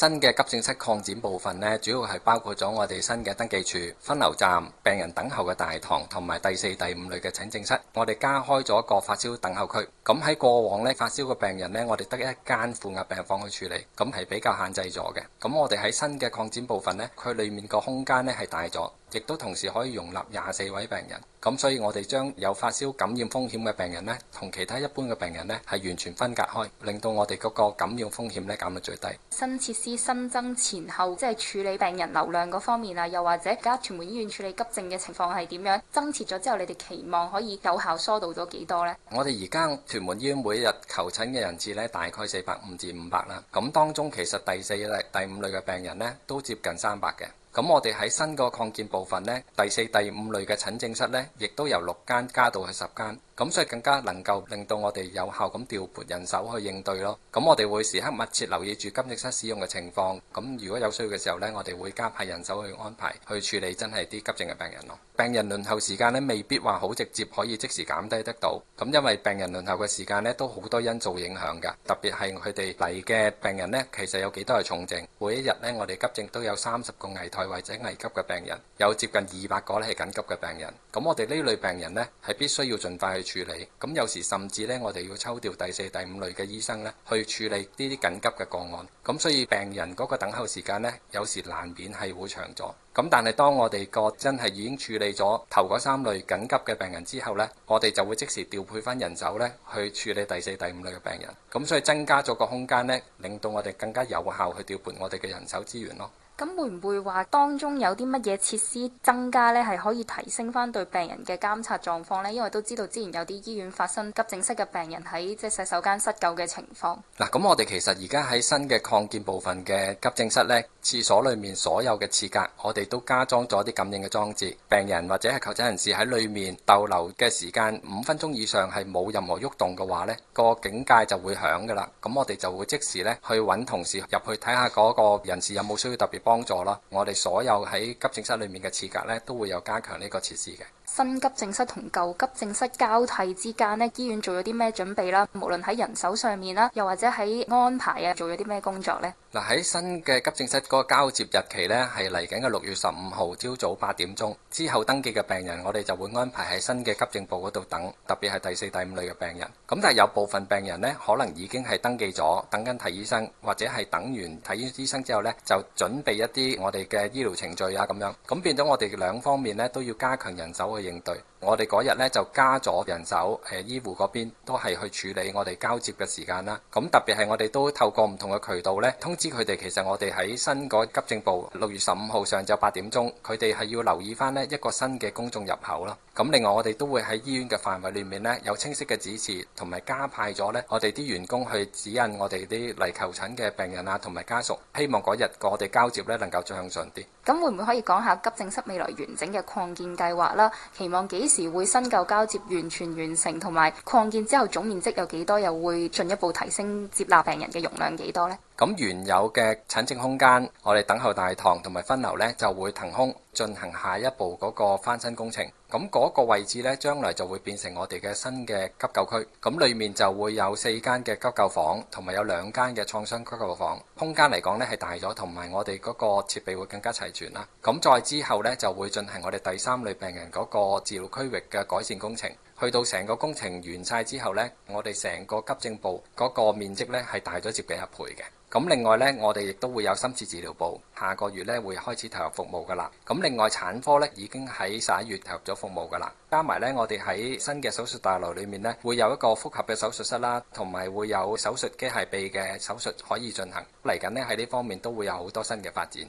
新嘅急症室擴展部分咧，主要係包括咗我哋新嘅登記處、分流站、病人等候嘅大堂，同埋第四、第五類嘅診症室。我哋加開咗一個發燒等候區。咁喺過往咧，發燒嘅病人咧，我哋得一間負壓病房去處理，咁係比較限制咗嘅。咁我哋喺新嘅擴展部分咧，佢裡面個空間咧係大咗。亦都同時可以容納廿四位病人，咁所以我哋將有發燒感染風險嘅病人呢，同其他一般嘅病人呢，係完全分隔開，令到我哋嗰個感染風險呢，減到最低。新設施新增前後，即係處理病人流量嗰方面啊，又或者而家屯門醫院處理急症嘅情況係點樣？增設咗之後，你哋期望可以有效疏導咗幾多呢？我哋而家屯門醫院每日求診嘅人次呢，大概四百五至五百啦。咁當中其實第四類、第五類嘅病人呢，都接近三百嘅。咁我哋喺新個擴建部分咧，第四、第五類嘅診症室咧，亦都由六間加到去十間。咁所以更加能夠令到我哋有效咁調撥人手去應對咯。咁我哋會時刻密切留意住急症室使用嘅情況。咁如果有需要嘅時候呢，我哋會加派人手去安排去處理真係啲急症嘅病人咯。病人輪候時間呢，未必話好直接可以即時減低得到。咁因為病人輪候嘅時間呢，都好多因素影響㗎，特別係佢哋嚟嘅病人呢，其實有幾多係重症。每一日呢，我哋急症都有三十個危殆或者危急嘅病人，有接近二百個咧係緊急嘅病人。咁我哋呢類病人呢，係必須要儘快去處理。咁有時甚至咧，我哋要抽調第四、第五類嘅醫生咧去處理呢啲緊急嘅個案，咁所以病人嗰個等候時間咧有時難免係會長咗。咁但係當我哋個真係已經處理咗頭嗰三類緊急嘅病人之後咧，我哋就會即時調配返人手咧去處理第四、第五類嘅病人，咁所以增加咗個空間咧，令到我哋更加有效去調撥我哋嘅人手資源咯。咁會唔會話當中有啲乜嘢設施增加呢？係可以提升翻對病人嘅監察狀況呢？因為都知道之前有啲醫院發生急症室嘅病人喺即係洗手間失救嘅情況。嗱，咁我哋其實而家喺新嘅擴建部分嘅急症室呢，廁所裏面所有嘅廁格，我哋都加裝咗啲感應嘅裝置。病人或者係求診人士喺裏面逗留嘅時間五分鐘以上係冇任何喐動嘅話呢，個警戒就會響噶啦。咁我哋就會即時呢去揾同事入去睇下嗰個人士有冇需要特別幫助啦！我哋所有喺急症室裏面嘅設格咧，都會有加強呢個設施嘅。新急症室同舊急症室交替之間呢，醫院做咗啲咩準備啦？無論喺人手上面啦，又或者喺安排啊，做咗啲咩工作呢？嗱，喺新嘅急症室嗰個交接日期咧，係嚟緊嘅六月十五號朝早八點鐘之後登記嘅病人，我哋就會安排喺新嘅急症部嗰度等，特別係第四、第五類嘅病人。咁但係有部分病人咧，可能已經係登記咗，等緊睇醫生，或者係等完睇醫生之後咧，就準備一啲我哋嘅醫療程序啊咁樣。咁變咗我哋兩方面咧都要加強人手去應對。我哋嗰日咧就加咗人手，誒、呃、醫護嗰邊都係去處理我哋交接嘅時間啦。咁、啊、特別係我哋都透過唔同嘅渠道咧，通知佢哋，其實我哋喺新嗰急症部六月十五號上晝八點鐘，佢哋係要留意翻呢一個新嘅公眾入口啦。咁、啊、另外我哋都會喺醫院嘅範圍裏面呢，有清晰嘅指示，同埋加派咗呢我哋啲員工去指引我哋啲嚟求診嘅病人啊同埋家屬，希望嗰日我哋交接咧能夠再順啲。咁會唔會可以講下急症室未來完整嘅擴建計劃啦？期望幾時會新舊交接完全完成，同埋擴建之後總面積有幾多，又會進一步提升接納病人嘅容量幾多呢？咁原有嘅診症空間，我哋等候大堂同埋分流呢，就會騰空，進行下一步嗰個翻新工程。咁嗰個位置呢，將來就會變成我哋嘅新嘅急救區。咁裡面就會有四間嘅急救房，同埋有兩間嘅創傷急救房。空間嚟講呢係大咗，同埋我哋嗰個設備會更加齊全啦。咁再之後呢就會進行我哋第三類病人嗰個治療區域嘅改善工程。去到成個工程完晒之後呢，我哋成個急症部嗰個面積呢係大咗接近一倍嘅。咁另外呢，我哋亦都會有深切治療部，下個月呢會開始投入服務㗎喇。咁另外產科呢已經喺十一月投入咗服務㗎喇。加埋呢，我哋喺新嘅手術大樓裏面呢，會有一個複合嘅手術室啦，同埋會有手術機械臂嘅手術可以進行。嚟緊呢，喺呢方面都會有好多新嘅發展。